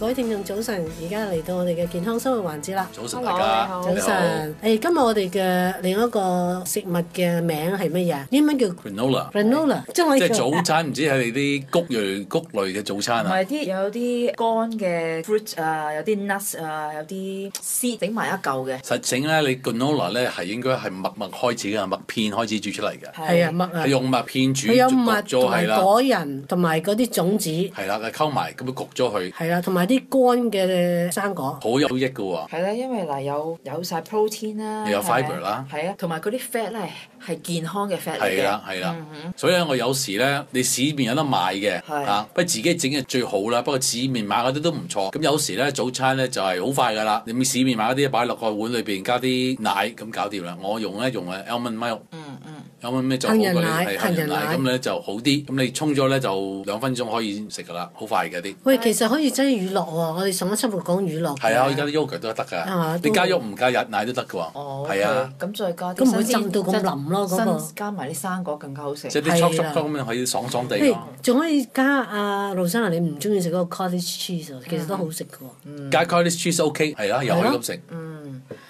各位聽眾早晨，而家嚟到我哋嘅健康生活環節啦。早晨大家，早晨。誒，今日我哋嘅另一個食物嘅名係乜嘢啊？英文叫 Granola？Granola 即係早餐，唔知係你啲穀類、穀類嘅早餐啊。係啲有啲乾嘅 fruit 啊，有啲 nuts 啊，有啲 seed 整埋一嚿嘅。實整咧，你 Granola 咧係應該係麥麥開始嘅，麥片開始煮出嚟嘅。係啊，麥係用麥片煮焗咗係啦。同埋果仁同埋嗰啲種子。係啦，佢溝埋咁樣焗咗佢。係啦，同埋。啲乾嘅生果好有益嘅喎、啊，係啦， 因為嗱有有晒 protein 啦、啊，又有 fiber 啦，係啊，同埋嗰啲 fat 咧係健康嘅 fat 嚟嘅，係啦、嗯，所以咧我有時咧你市面有得買嘅，吓不過自己整嘅最好啦，不過市面買嗰啲都唔錯，咁有時咧早餐咧就係、是、好快噶啦，你市面買嗰啲擺落個碗裏邊加啲奶咁搞掂啦，我用咧用嘅啊 Almond Milk。嗯嗯有冇咩就好嘅嚟？係杏仁奶咁咧就好啲。咁你沖咗咧就兩分鐘可以食噶啦，好快嘅啲。喂，其實可以整啲乳酪喎。我哋上一輯錄講乳酪。係啊，我而家啲 yogurt 都得㗎、啊。你加喐唔加日奶都得㗎喎。係啊。咁再、啊啊嗯、加啲。咁唔會浸到咁淋咯，咁加埋啲生果更加好食。即係啲汁汁咁樣可以爽爽地。仲可以加阿盧生啊！你唔中意食嗰個 cottage cheese 啊？其實都好食嘅喎。加 cottage cheese OK 係啊，又可以咁食。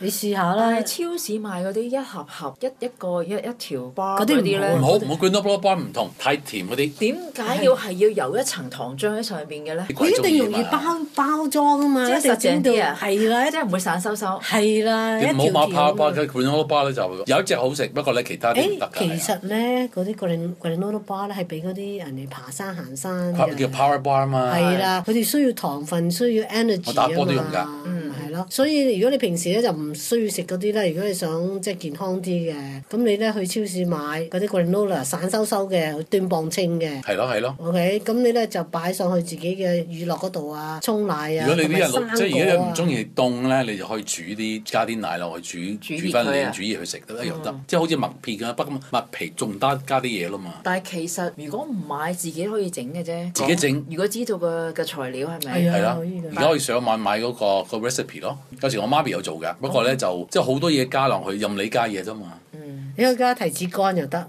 你試下啦、啊！超市賣嗰啲一盒盒一一個一一條包嗰啲咧，唔好唔好。granola granola bar 唔同，太甜嗰啲。點解要係要有一層糖漿喺上面嘅咧？一定容易包、啊、包裝啊嘛！即係實整啲啊，係啦，一係唔會散收收。係啦，一條一條。唔好買 Power Bar，佢嗰啲 granola bar 咧就有一隻好食，不過咧其他都唔得。其實咧，嗰啲 granola bar 咧係俾嗰啲人哋爬山行山。Power Power Bar 啊嘛。係啦，佢哋需要糖分，需要 energy。我打波都用㗎。嗯。所以如果你平時咧就唔需要食嗰啲咧，如果你想即係健康啲嘅，咁你咧去超市買嗰啲 Granola 散收收嘅，斷磅清嘅。係咯，係咯。OK，咁你咧就擺上去自己嘅乳酪嗰度啊，沖奶啊，或者水果，你果、啊。即係如果你唔中意凍咧，你就可以煮啲，加啲奶落去煮，煮翻嚟煮嘢去食得又得。即係好似麥片啊，不過麥皮仲加加啲嘢啦嘛。但係其實如果唔買，自己可以整嘅啫。自己整，如果知道、那個、那個材料係咪？係啊，可而家可以上網買嗰、那個那個 recipe 咯、嗯。那個 recipe 有時我媽咪有做噶，不過呢，嗯、就即係好多嘢加落去，任你加嘢啫嘛。你加提子乾又得，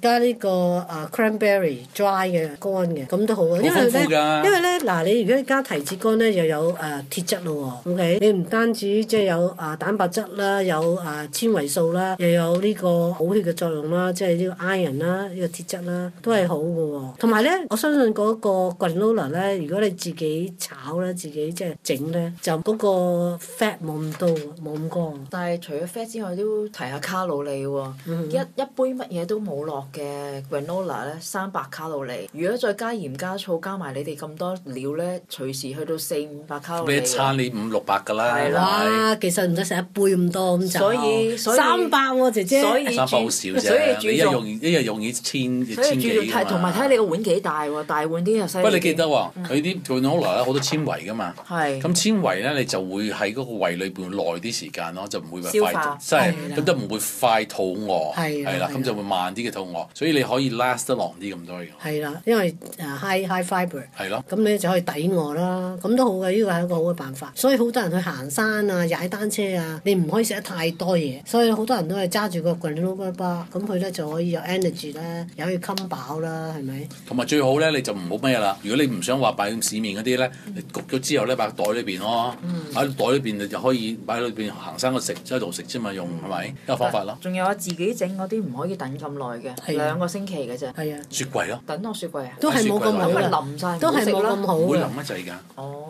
加呢、這個啊、呃、cranberry dry 嘅乾嘅咁都好啊，因為呢因為咧嗱、呃，你如果加提子乾呢，又有誒鐵質咯喎，O K，你唔單止即係有啊、呃、蛋白質啦，有啊纖維素啦，又有呢個補血嘅作用啦，即係呢個 iron 啦，呢、這個鐵質啦，都係好嘅喎、哦。同埋呢，我相信嗰個 granola 咧，如果你自己炒呢，自己即係整呢，就嗰個 fat 冇咁多，冇咁乾。但係除咗 fat 之外，都提下卡路里喎、哦。Mm-hmm. 一一杯乜嘢都冇落嘅 granola 咧，三、mm-hmm. 百卡路里。如果再加鹽加醋，加埋你哋咁多料咧，隨時去到四五百卡路里。做咩一餐你五六百㗎啦？係啦，其實唔使成一杯咁多咁就。所以三百喎，姐姐。所以三百好少啫。所以用你一日用一日用以千以用一以千幾，同埋睇下你個碗幾大喎，大碗啲又細。不過你記得喎，佢啲 granola 咧好多纖維㗎嘛。係。咁纖維咧，你就會喺嗰個胃裏邊耐啲時間咯，就唔會話快，即係咁就唔會快肚、就是、餓，係，係啦，咁就會慢啲嘅肚餓，所以你可以 last 得 long 啲咁多嘅。係啦，因為誒、uh, high high fibre e。係咯，咁你就可以抵餓啦，咁都好嘅，呢個係一個好嘅辦法。所以好多人去行山啊、踩單車啊，你唔可以食得太多嘢，所以好多人都係揸住個棍碌碌碌咁佢咧，就可以有 energy 啦，又可以冚飽啦，係咪？同埋最好咧，你就唔好咩啦。如果你唔想話擺市面嗰啲咧，你焗咗之後咧，擺袋裏邊咯，喺、嗯、袋裏邊你就可以擺喺裏邊行山去食，即係度食啫嘛，用係咪？一個方法咯。仲有自己。整嗰啲唔可以等咁耐嘅，兩個星期嘅啫。係啊，雪櫃咯、啊，等落雪櫃啊，都係冇咁好晒。都係冇咁好的，會淋一陣㗎。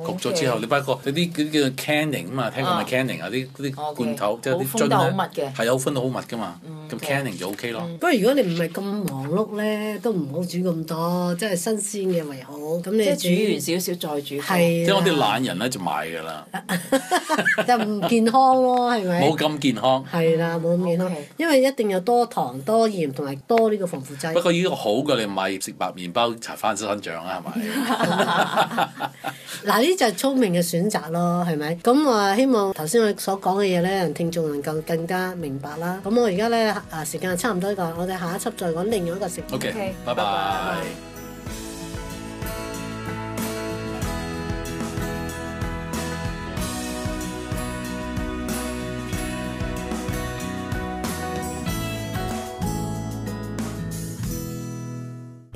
焗咗之後，啊、你包括嗰啲叫做 canning 啊 okay，嘛，聽過咪 canning 啊？啲啲罐頭即係啲樽好密嘅。係有分到好密㗎嘛。咁 canning 就 OK 咯、嗯。不過如，如果你唔係咁忙碌呢，都唔好煮咁多，即係新鮮嘅為好。咁你煮完少少再煮。係。即、就、係、係、我哋懶人呢就買㗎啦。 就唔健康咯，係咪？冇咁健康。係、嗯、啦，冇咁健康、嗯。因為一定要多糖、多鹽同埋多呢個防腐劑。不過呢個好嘅，你買食白麵包就翻身漲啦，係咪？嗱，呢就係聰明嘅選擇咯，係咪？咁話希望頭先我所講嘅嘢咧，人聽眾能夠更加明白啦。咁我而家呢。啊，時間差唔多呢個，我哋下一集再講另一個食。OK，拜拜。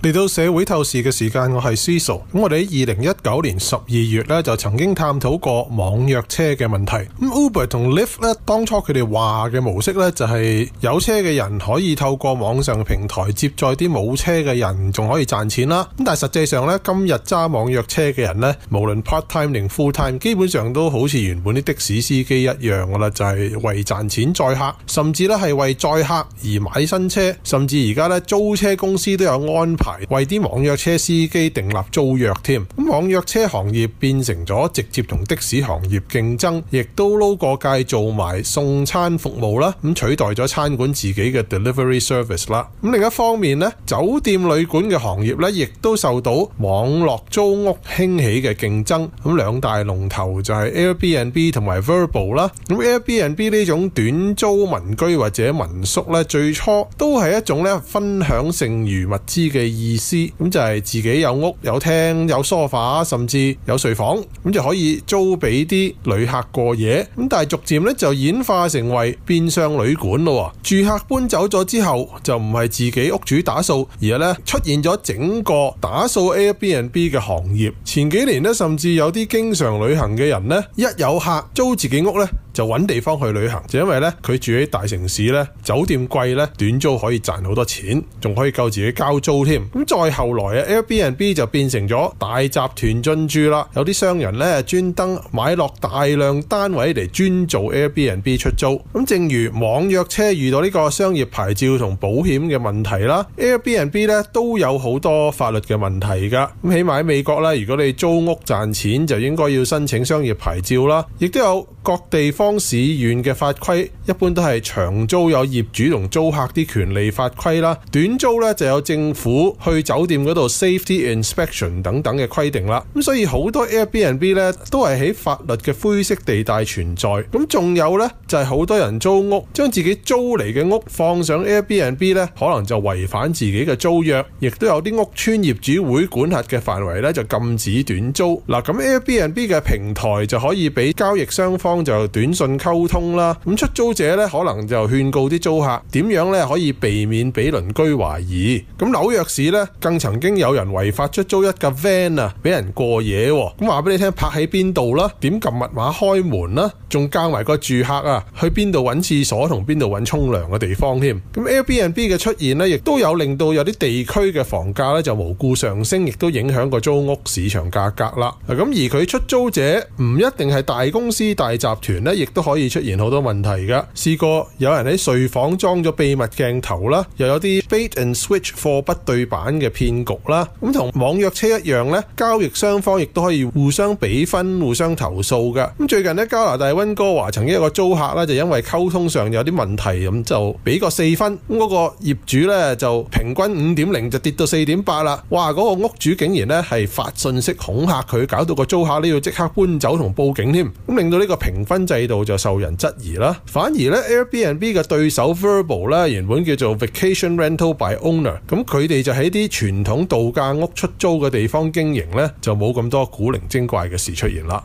嚟到社會透視嘅時間，我係 c e o。咁我哋喺二零一九年十二月咧就曾經探討過網約車嘅問題。咁 Uber 同 Lyft 咧，當初佢哋話嘅模式咧就係、是、有車嘅人可以透過網上平台接載啲冇車嘅人，仲可以賺錢啦。咁但係實際上咧，今日揸網約車嘅人咧，無論 part time 定 full time，基本上都好似原本啲的，的士司機一樣噶啦，就係、是、為賺錢載客，甚至咧係為載客而買新車，甚至而家咧租車公司都有安排。為啲網約車司機訂立租約添，咁網約車行業變成咗直接同的士行業競爭，亦都撈過界做埋送餐服務啦，咁取代咗餐館自己嘅 delivery service 啦。咁另一方面咧，酒店旅館嘅行業咧，亦都受到網絡租屋興起嘅競爭。咁兩大龍頭就係 Airbnb 同埋 Vrbo 啦。咁 Airbnb 呢種短租民居或者民宿咧，最初都係一種咧分享剩餘物資嘅。意思咁就係自己有屋有廳有梳化，甚至有睡房咁就可以租俾啲旅客過夜咁但係逐漸咧就演化成為變相旅館咯住客搬走咗之後就唔係自己屋主打掃而係咧出現咗整個打掃 Airbnb 嘅行業前幾年咧甚至有啲經常旅行嘅人咧一有客租自己屋咧。就揾地方去旅行，就因為咧佢住喺大城市咧，酒店貴咧，短租可以賺好多錢，仲可以夠自己交租添。咁再後來啊，Airbnb 就變成咗大集團進駐啦，有啲商人咧專登買落大量單位嚟專做 Airbnb 出租。咁正如網約車遇到呢個商業牌照同保險嘅問題啦，Airbnb 咧都有好多法律嘅問題㗎。咁起碼喺美國咧，如果你租屋賺錢，就應該要申請商業牌照啦，亦都有各地方。當市院嘅法規一般都係長租有業主同租客啲權利法規啦，短租咧就有政府去酒店嗰度 safety inspection 等等嘅規定啦。咁所以好多 Airbnb 咧都係喺法律嘅灰色地帶存在。咁仲有咧就係好多人租屋，將自己租嚟嘅屋放上 Airbnb 咧，可能就違反自己嘅租約，亦都有啲屋邨業主會管轄嘅範圍咧就禁止短租。嗱，咁 Airbnb 嘅平台就可以俾交易雙方就短租信溝通啦，咁出租者咧可能就勸告啲租客點樣咧可以避免俾鄰居懷疑。咁紐約市咧更曾經有人違法出租一架 van 啊，俾人過夜。咁話俾你聽，泊喺邊度啦？點撳密碼開門啦？仲教埋個住客啊，去邊度揾廁所同邊度揾沖涼嘅地方添。咁 Airbnb 嘅出現咧，亦都有令到有啲地區嘅房價咧就無故上升，亦都影響個租屋市場價格啦。咁而佢出租者唔一定係大公司大集團咧。亦都可以出現好多問題噶，試過有人喺睡房裝咗秘密鏡頭啦，又有啲 bait and switch 貨不對板嘅騙局啦。咁同網約車一樣呢，交易雙方亦都可以互相俾分、互相投訴噶。咁最近咧，加拿大溫哥華曾經有個租客呢，就因為溝通上有啲問題，咁就俾個四分，咁、那、嗰個業主呢，就平均五點零就跌到四點八啦。哇！嗰、那個屋主竟然呢，係發信息恐嚇佢，搞到個租客呢，要即刻搬走同報警添。咁令到呢個評分制度，就就受人質疑啦，反而咧 Airbnb 嘅對手 Verbal 咧，原本叫做 Vacation Rental by Owner，咁佢哋就喺啲傳統度假屋出租嘅地方經營咧，就冇咁多古靈精怪嘅事出現啦。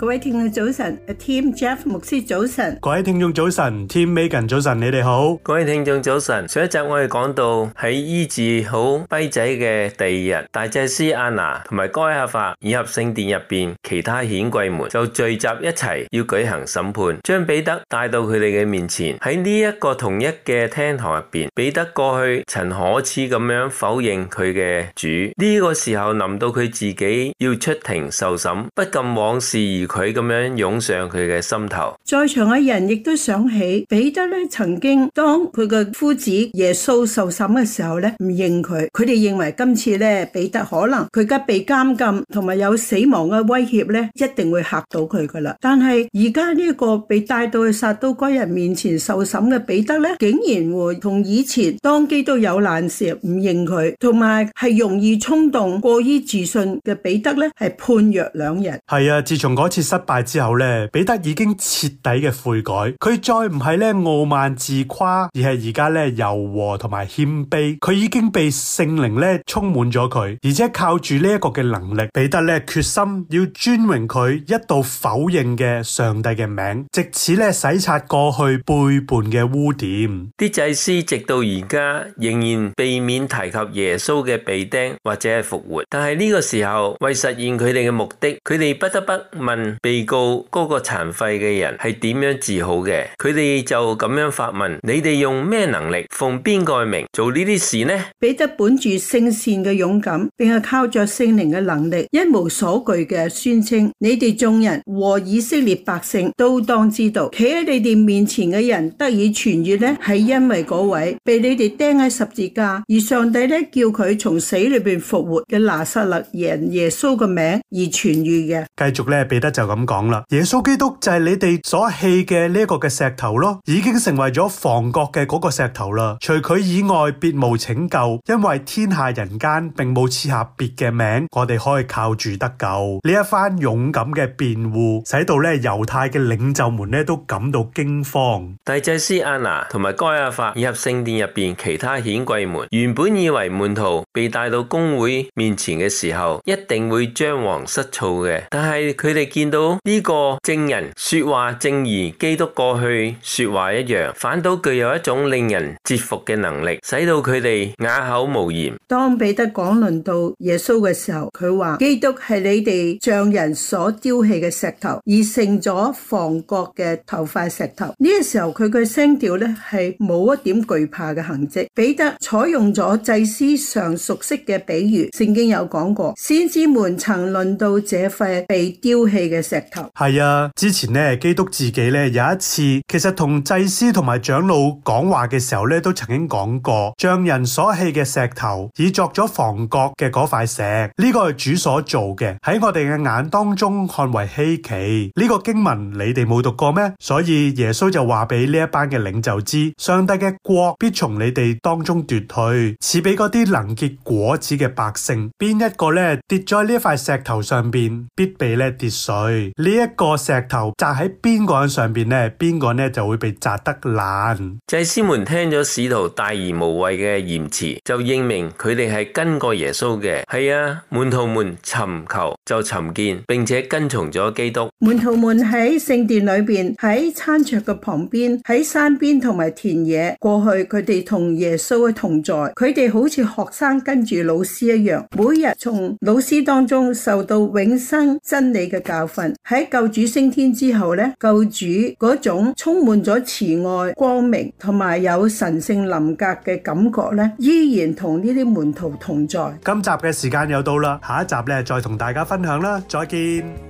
各位聽眾早晨，Team Jeff 牧師早晨，各位聽眾早晨，Team Megan 早晨，你哋好，各位聽眾早晨。上一集我哋講到喺醫治好跛仔嘅第二日，大祭司阿拿同埋該亞法以及聖殿入邊其他顯貴們就聚集一齊，要舉行審判，將彼得帶到佢哋嘅面前。喺呢一個同一嘅廳堂入邊，彼得過去曾可恥咁樣否認佢嘅主。呢個時候諗到佢自己要出庭受審，不禁往事而。佢咁樣湧上佢嘅心頭，在場嘅人亦都想起彼得咧，曾經當佢嘅夫子耶穌受審嘅時候呢唔認佢。佢哋認為今次呢，彼得可能佢而家被監禁，同埋有死亡嘅威脅呢一定會嚇到佢噶啦。但係而家呢一個被帶到去撒都該人面前受審嘅彼得呢，竟然會同以前當基督有難時唔認佢，同埋係容易衝動、過於自信嘅彼得呢，係判若兩人。係啊，自從嗰次。失敗之後咧，彼得已經徹底嘅悔改，佢再唔係咧傲慢自誇，而係而家咧柔和同埋謙卑。佢已經被聖靈咧充滿咗佢，而且靠住呢一個嘅能力，彼得咧決心要尊榮佢一度否認嘅上帝嘅名，直至咧洗刷過去背叛嘅污點。啲祭司直到而家仍然避免提及耶穌嘅被釘或者係復活，但係呢個時候為實現佢哋嘅目的，佢哋不得不問。被告嗰個殘廢嘅人係點樣治好嘅？佢哋就咁樣發問：你哋用咩能力，奉邊個名做呢啲事呢？彼得本住聖善嘅勇敢，並係靠着聖靈嘅能力，一無所懼嘅宣稱：你哋眾人和以色列百姓都當知道，企喺你哋面前嘅人得以痊愈呢，係因為嗰位被你哋釘喺十字架，而上帝呢叫佢從死裏邊復活嘅拿撒勒人耶穌嘅名而痊愈嘅。繼續呢，彼得就咁講啦，耶穌基督就係你哋所棄嘅呢一個嘅石頭咯，已經成為咗房角嘅嗰個石頭啦。除佢以外，別無拯救，因為天下人間並冇賜下別嘅名，我哋可以靠住得救。呢一番勇敢嘅辯護，使到咧猶太嘅領袖們咧都感到驚慌。大祭司亞拿同埋該亞法以及聖殿入邊其他顯貴們，原本以為門徒被帶到公會面前嘅時候，一定會張皇失措嘅，但係佢哋見。見到呢個證人說話，正如基督過去說話一樣，反倒具有一種令人折服嘅能力，使到佢哋啞口無言。當彼得講論到耶穌嘅時候，佢話，基督係你哋匠人所丟棄嘅石頭，而成咗房角嘅頭塊石頭。呢個時候，佢嘅聲調呢係冇一點懼怕嘅痕跡。彼得採用咗祭司上熟悉嘅比喻，聖經有講過，先知們曾論到這塊被丟棄。嘅石頭係啊，之前咧基督自己咧有一次，其實同祭司同埋長老講話嘅時候咧，都曾經講過，匠人所棄嘅石頭，已作咗房角嘅嗰塊石，呢、這個係主所做嘅，喺我哋嘅眼當中看為稀奇。呢、這個經文你哋冇讀過咩？所以耶穌就話俾呢一班嘅領袖知，上帝嘅國必從你哋當中奪去，賜俾嗰啲能結果子嘅百姓。邊一個咧跌在呢塊石頭上邊，必被咧跌碎。呢一個石頭砸喺邊個上邊呢，邊個呢就會被砸得爛。祭司們聽咗使徒大而無畏嘅言辭，就認明佢哋係跟過耶穌嘅。係啊，門徒們尋求就尋見，並且跟從咗基督。門徒們喺聖殿裏邊，喺餐桌嘅旁邊，喺山邊同埋田野過去，佢哋同耶穌嘅同在。佢哋好似學生跟住老師一樣，每日從老師當中受到永生真理嘅教訓。喺救主升天之後咧，救主嗰種充滿咗慈愛、光明同埋有神聖臨格嘅感覺咧，依然同呢啲門徒同在。今集嘅時間又到啦，下一集咧再同大家分享啦，再見。